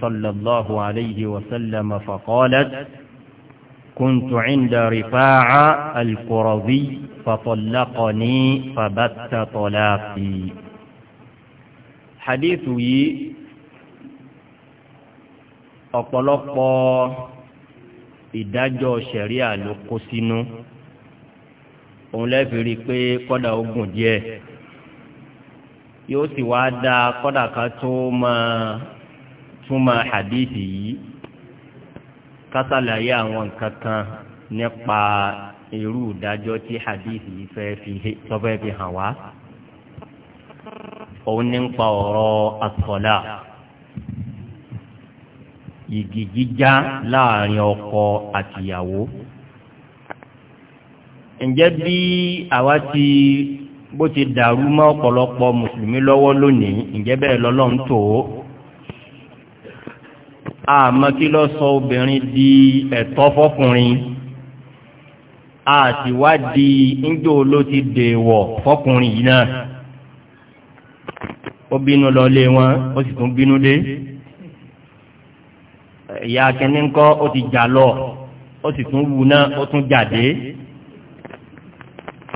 صلى الله عليه وسلم فقالت كنت عند رفاعة القرضي فطلقني فبت طلاقي حديثي ọ̀pọ̀lọpọ̀ ìdájọ́ ṣẹ̀ríà ló kó sínú òun lẹ́fìrí pé yóò sì wá dá kọ́dà kan tó máa túmọ̀ hadithi yìí kásàlàyé àwọn nǹkan kan nípa irú ìdájọ́ tí hadithi yìí fẹ́ fi tọ́fẹ́ fi hàn wá òun ní ń pa ọ̀rọ̀ àtọ̀là yìgì jíjá láàrin ọkọ àtìyàwó ǹjẹ́ bí àwa ti bó ti dàrú mọ́ ọ̀pọ̀lọpọ̀ mùsùlùmí lọ́wọ́ lónìí ǹjẹ́ bẹ́ẹ̀ lọ́lọ́run tó o àmọ́ kí lọ sọ obìnrin di ẹ̀tọ́ fọkùnrin àtiwádìí ńjọ́ ló ti dèèwọ̀ fọkùnrin yìí náà ó bínú lọ lé wọn ó sì tún bínú dé ìyá akẹ́ni ńkọ́ ó ti jà lọ ó sì tún wù náà ó tún jáde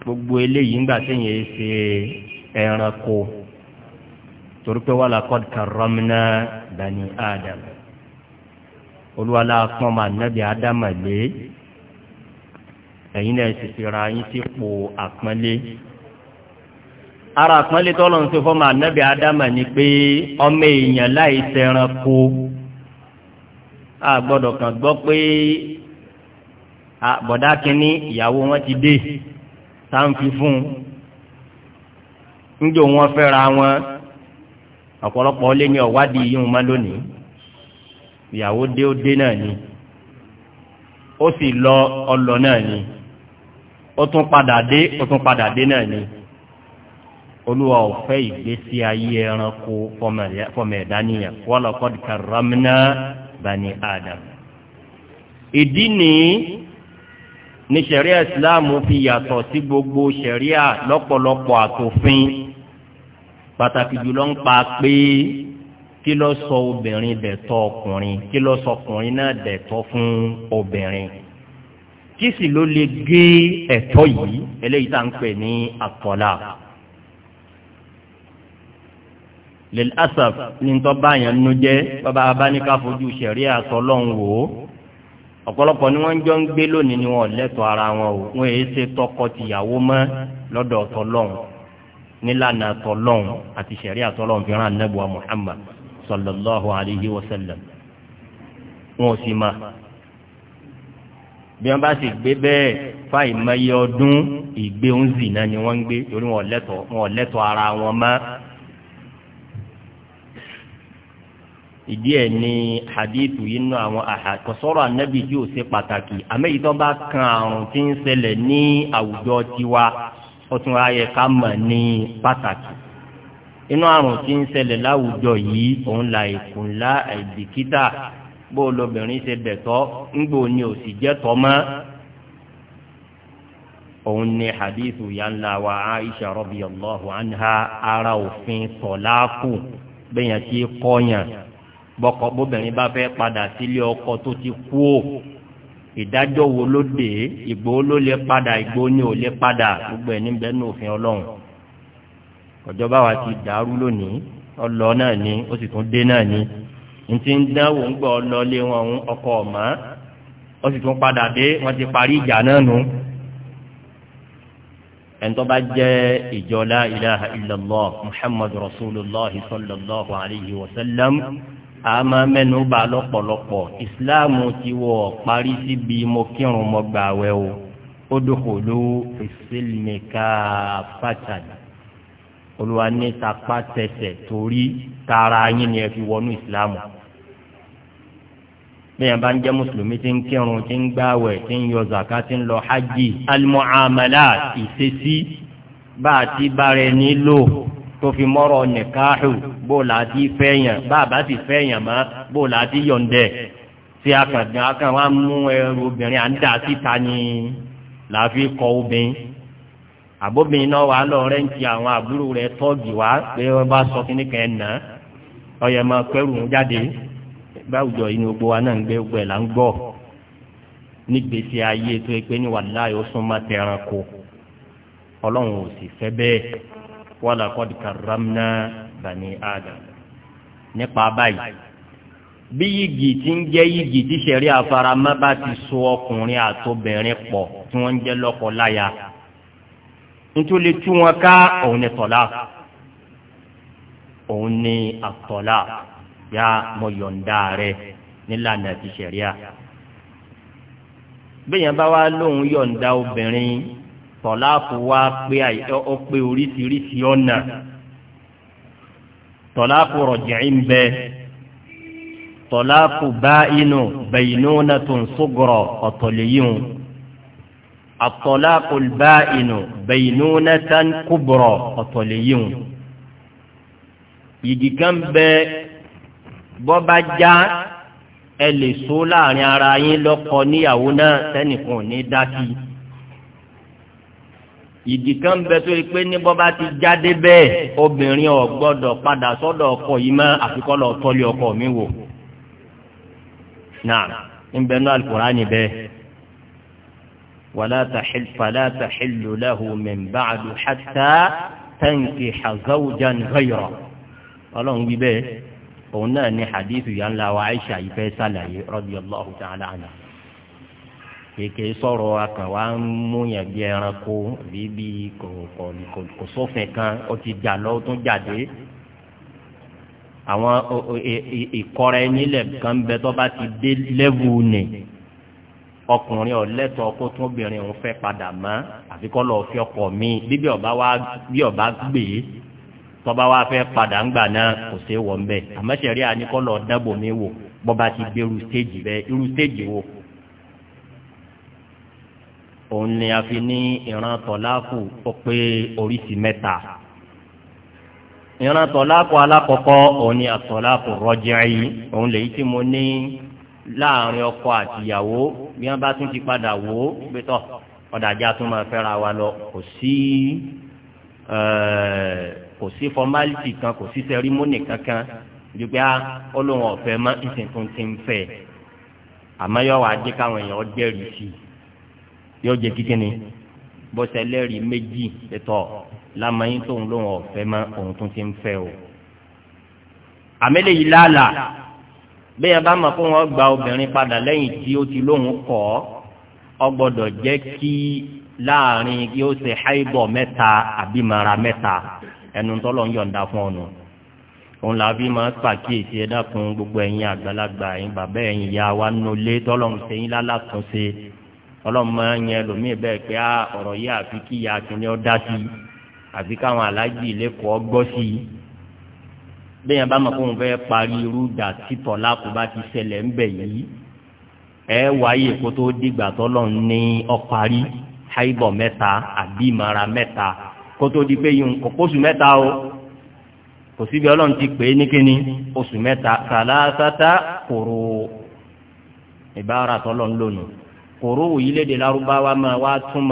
gbogbo eléyìí ńgbà tí yẹn ṣe ẹranko torí pé wàhálà kọ́d karramna bani adam olúwalá pọ́n máa nẹ́bí ádámà lé ẹ̀yin náà sì fi ra yín sípò àpọ́nlé ara àpọ́nlé tọ́lọ́ ń ṣe fọ́ máa nẹ́bí ádámà ni pé ọmọ èèyàn láì ṣẹranko a gbọ́dọ̀ kàn gbọ́ pé bọ̀dá kínní ìyàwó wọn ti dé tá à ń fi fún un níjó wọn fẹ́ra wọn ọ̀pọ̀lọpọ̀ lé ní ọ̀wádìí yìí wọn má lónìí ìyàwó dé ó dé náà ni ó sì lọ ọlọ náà ni ó tún padà dé ó tún padà dé náà ni olúwa ò fẹ́ ìgbésí ayé ẹranko fọmọ ẹ̀dá nìyẹn wọ́lọ́kọ́ karramna bani adam ìdí nìyí ní sẹ̀ríà ìsìláàmù fi yàtọ̀ sí gbogbo sẹ̀ríà lọ́pọ̀lọpọ̀ àtòfin pàtàkì jùlọ ń pa pé kí ló sọ obìnrin dẹ̀tọ̀ ọkùnrin kí ló sọ ọkùnrin náà dẹ̀tọ̀ fún obìnrin kí sì ló lè gé ẹ̀tọ́ yìí eléyìí tá à ń pè ní àtọ́lá. lil ní tọ́ báyẹn nu jẹ́ bàbá abáníkà fojú sẹ̀ríà tọ́lọ́hún wò ó ọ̀pọ̀lọpọ̀ ni wọ́n jọ ń gbé lónìí ni wọ́n lẹ́tọ̀ ara wọn o wọ́n èyí ṣe tọkọ tìyàwó mọ́ lọ́dọ̀ tọlọ́hún nílànà tọlọ́hún àti ṣẹ̀ríà tọlọ́hún fi rán anábùwà Muhammad sallallahu alayhi wa sallam wọn ò sì máa bí wọn bá sì gbé bẹ́ẹ̀ fáì mẹyẹ ọdún ìgbé ń ni wọ́n ń gbé torí wọn lẹ́tọ̀ ara wọn mọ́ ìdí ẹ̀ ní hadithu yìí nù àwọn àkọsọ́rọ̀ anábì tí ò ṣe pàtàkì àmẹ́yìí tó bá kan àrùn tí ń ṣẹlẹ̀ ní àwùjọ tiwa ó tún ayẹ ká mọ̀ ní pàtàkì inú àrùn tí ń ṣẹlẹ̀ láwùjọ yìí òun la ìkùnlá àìbìkítà bó lobìnrin ṣe bẹ̀tọ́ ńgbò ni ò sì jẹ́tọ́ mọ́ òun ni hadithu yà ń la wa aisha radiyallahu anha ara òfin tọ̀láàkù bẹ́yẹn tí kọ́yàn bọ́kọ bóbìnrin bá fẹ́ padà sílé ọkọ tó ti kú o ìdájọ́ wo ló dé ìgbó ló lè padà ìgbó ni ò lè padà gbogbo ẹ̀ níbẹ̀ ní òfin ọlọ́run ọjọ́ báwa ti dàrú lónìí ọlọ náà ni ó sì tún dé náà ni ntí ń dánwò ń gbọ́ ọlọ́lé wọn ń ọkọ ọ̀mọ́ ó sì tún padà dé wọ́n ti parí ìjà náà nù. ẹ̀ńtọ́ bá ìjọ la ilaha illallah muhammadu rasulillah sallallahu alayhi wa sallam àmọ́ mẹ́nu bá lọ́pọ̀lọpọ̀ ìsìláàmù ti wọ̀ parí síbi mo kírun mo gbà wẹ̀ o ó dókòló ìsìlmìkà pàtàkì olùwà ní tapá tẹsẹ̀ torí tara yín ni ẹ fi wọnú ìsìláàmù bẹ́ẹ̀ bá ń jẹ́ mùsùlùmí tí ń kírun tí ń gbàwẹ̀ tí ń yọ zaka tí ń lọ hajj almuamalat ìṣesí bá a ti bára ẹni lò tó fi mọ́rọ̀ nìkáàhù bó láti fẹ́yàn bàbá sì fẹ́yàn má bó láti yọ̀ǹdẹ̀ tí a kàn gan akàn mú ẹrù obìnrin à ń dà síta ni làáfi kọ obìnrin àbóbìnrin náà wà lọ rẹ ń ti àwọn àbúrò rẹ tọ́ọ̀gì wá pé wọ́n bá sọ kíní kan ẹ̀ nà ọyẹ máa pẹ́rù ń jáde báwùjọ yìí ni gbogbo wa náà ń gbé gbogbo ẹ̀ là ń gbọ́ nígbèsè ayé tó yẹ pé ní wàláyé ó súnmọ́ tẹranko ọlọ́run ò sì fẹ́ bẹ́ẹ̀ wala qad karramna bani adam nípa báyìí bí yìgì tí ń jẹ́ yìgì tí sẹ̀rí àfaramọ́ bá ti so ọkùnrin àtobìnrin pọ̀ tí wọ́n ń jẹ́ lọ́kọ láya nítorí tú wọn ká òun ni tọ́lá òun ni àtọ́lá yá mo yọ̀ǹda rẹ nílànà ti sẹ̀ríà bẹ́ẹ̀ yẹn bá wá lóun yọ̀ǹda obìnrin tọ́láàkù wá pé ó pé oríṣiríṣi ọ̀nà tọ́láàkù rọ̀jẹ̀ ń bẹ tọ́láàkù bá inú bẹ̀yìnúnà tó ń sógọ̀rọ̀ ọ̀tọ̀lẹ́yìn àtọ́láàkù bá inú bẹ̀yìnúnà tó ń kúbọ̀rọ̀ ọ̀tọ̀lẹ́yìn yìgì kan bẹ bọ́ba já ẹ lè so láàrin ara yín lọ́kọ níyàwó náà sẹ́nìkan ní dá ìdí kan bẹ tó yẹ pé ní bọ́ bá ti jáde bẹ́ẹ̀ obìnrin ò gbọ́dọ̀ padà sọ́dọ̀ ọkọ yìí mọ́ àfikọ́ lọ tọ́lé ọkọ mi wò náà ń bẹ ní alukurani bẹ́ẹ̀ wàlá tàxil fàlá tàxilu lahu min ba'du hatta tanki hazawjan ghayra ọlọ́run wí bẹ́ẹ̀ òun náà ní hadithu yàn láwa aisha yìí fẹ́ sálàyé radiyallahu ta'ala anha kéèké sọ̀rọ̀ akàn wa ń mú yàn bí ẹranko bíbí kò kò kò sófin kan ó ti jà lọ ó tún jáde àwọn e, e, ìkọrẹ nílẹ̀ kan bẹ tó bá ti dé lẹ́wù ni ọkùnrin ọ̀lẹ́tọ̀ kó tún obìnrin òun fẹ́ padà mọ́ àfi kọ́ lọ́ọ́ fi ọkọ̀ mi bíbí ọba wa bí ọba gbé tọ́ba wa fẹ́ padà ńgbà náà kò sí wọ̀ ńbẹ́ àmọ́ sẹ̀rí àníkọ́ lọ́ọ́ dábò mi wò bọ́ba ti dé irú stéèjì bẹ́ẹ̀ irú stéèjì wo òun ni a fi ní ìran tọ̀láàkù ó pé oríṣi mẹ́ta ìran tọ̀láàkù alákọ̀ọ́kọ́ òun ni àtọ̀láàkù rọ́jìrì òun lèyí tí mo ní láàrin ọkọ àtìyàwó bí wọ́n bá tún ti padà wò ó pé tọ́ ọ̀dàjà tún máa fẹ́ra wa lọ kò sí kò sí fọmálítì kan kò sí sẹrímónì kankan ju pé ọlọ́run ọ̀fẹ́ máa ń sìn tuntun fẹ́ àmọ́ yọ wá dé káwọn èèyàn jẹ́rìí sí i yóò jẹ kíkíni bọ́sẹ̀ lẹ́rìí méjì ẹ̀tọ́ lamẹ́yìn tóun lóun ọ̀fẹ́ mọ́ òun tún ti ń fẹ́ o. àmẹ́lẹ̀ yìí láàlà bẹ́ẹ̀ bá mọ̀ kó wọ́n gba obìnrin padà lẹ́yìn tí ó ti lóun kọ́ ọ gbọ́dọ̀ jẹ́ kí láàrin yóò ṣe háìbọ̀ mẹ́ta àbí mara mẹ́ta ẹnu tọ́lọ̀ ń yọ̀ǹda fún ọ̀nà òun là bí máa pàkíyèsí ẹ̀dá fún gbogbo ẹ̀yin àgbàlagbà ẹ̀yin bàbá ẹ̀yin ìyá wa nulẹ̀ tọ́lọ̀ ń ṣe yín lálàtúnṣe ọlọ́run máa ń yẹn lómi bẹ́ẹ̀ pé á ah, ọ̀rọ̀ yìí àfi kí ìyá akínyẹ́ ọ́ dá sí i àfi káwọn aláàjì lẹ́kọ̀ọ́ gbọ́ sí i bẹ́ẹ̀ yẹn bá mọ̀ fóun fẹ́ parí irú ìjà títọ̀ lákò bá ti ṣẹlẹ̀ ń bẹ̀ yìí ẹ wáyé kó tó dìgbà tọ́lọ́run ní ọparí háìbọ̀ mẹ́ta àbí ìmọ̀ra mẹ́ta kó tó di pé yìí kókóṣù mẹ́ta o kò síbi ọlọ́run ti pè é ní kíni oṣù mẹ́ta sàlásátá kòrò ìbára tọ́lọ́run lónìí kòró òyìnlẹ́dẹ̀ lárúbáwá máa wá tún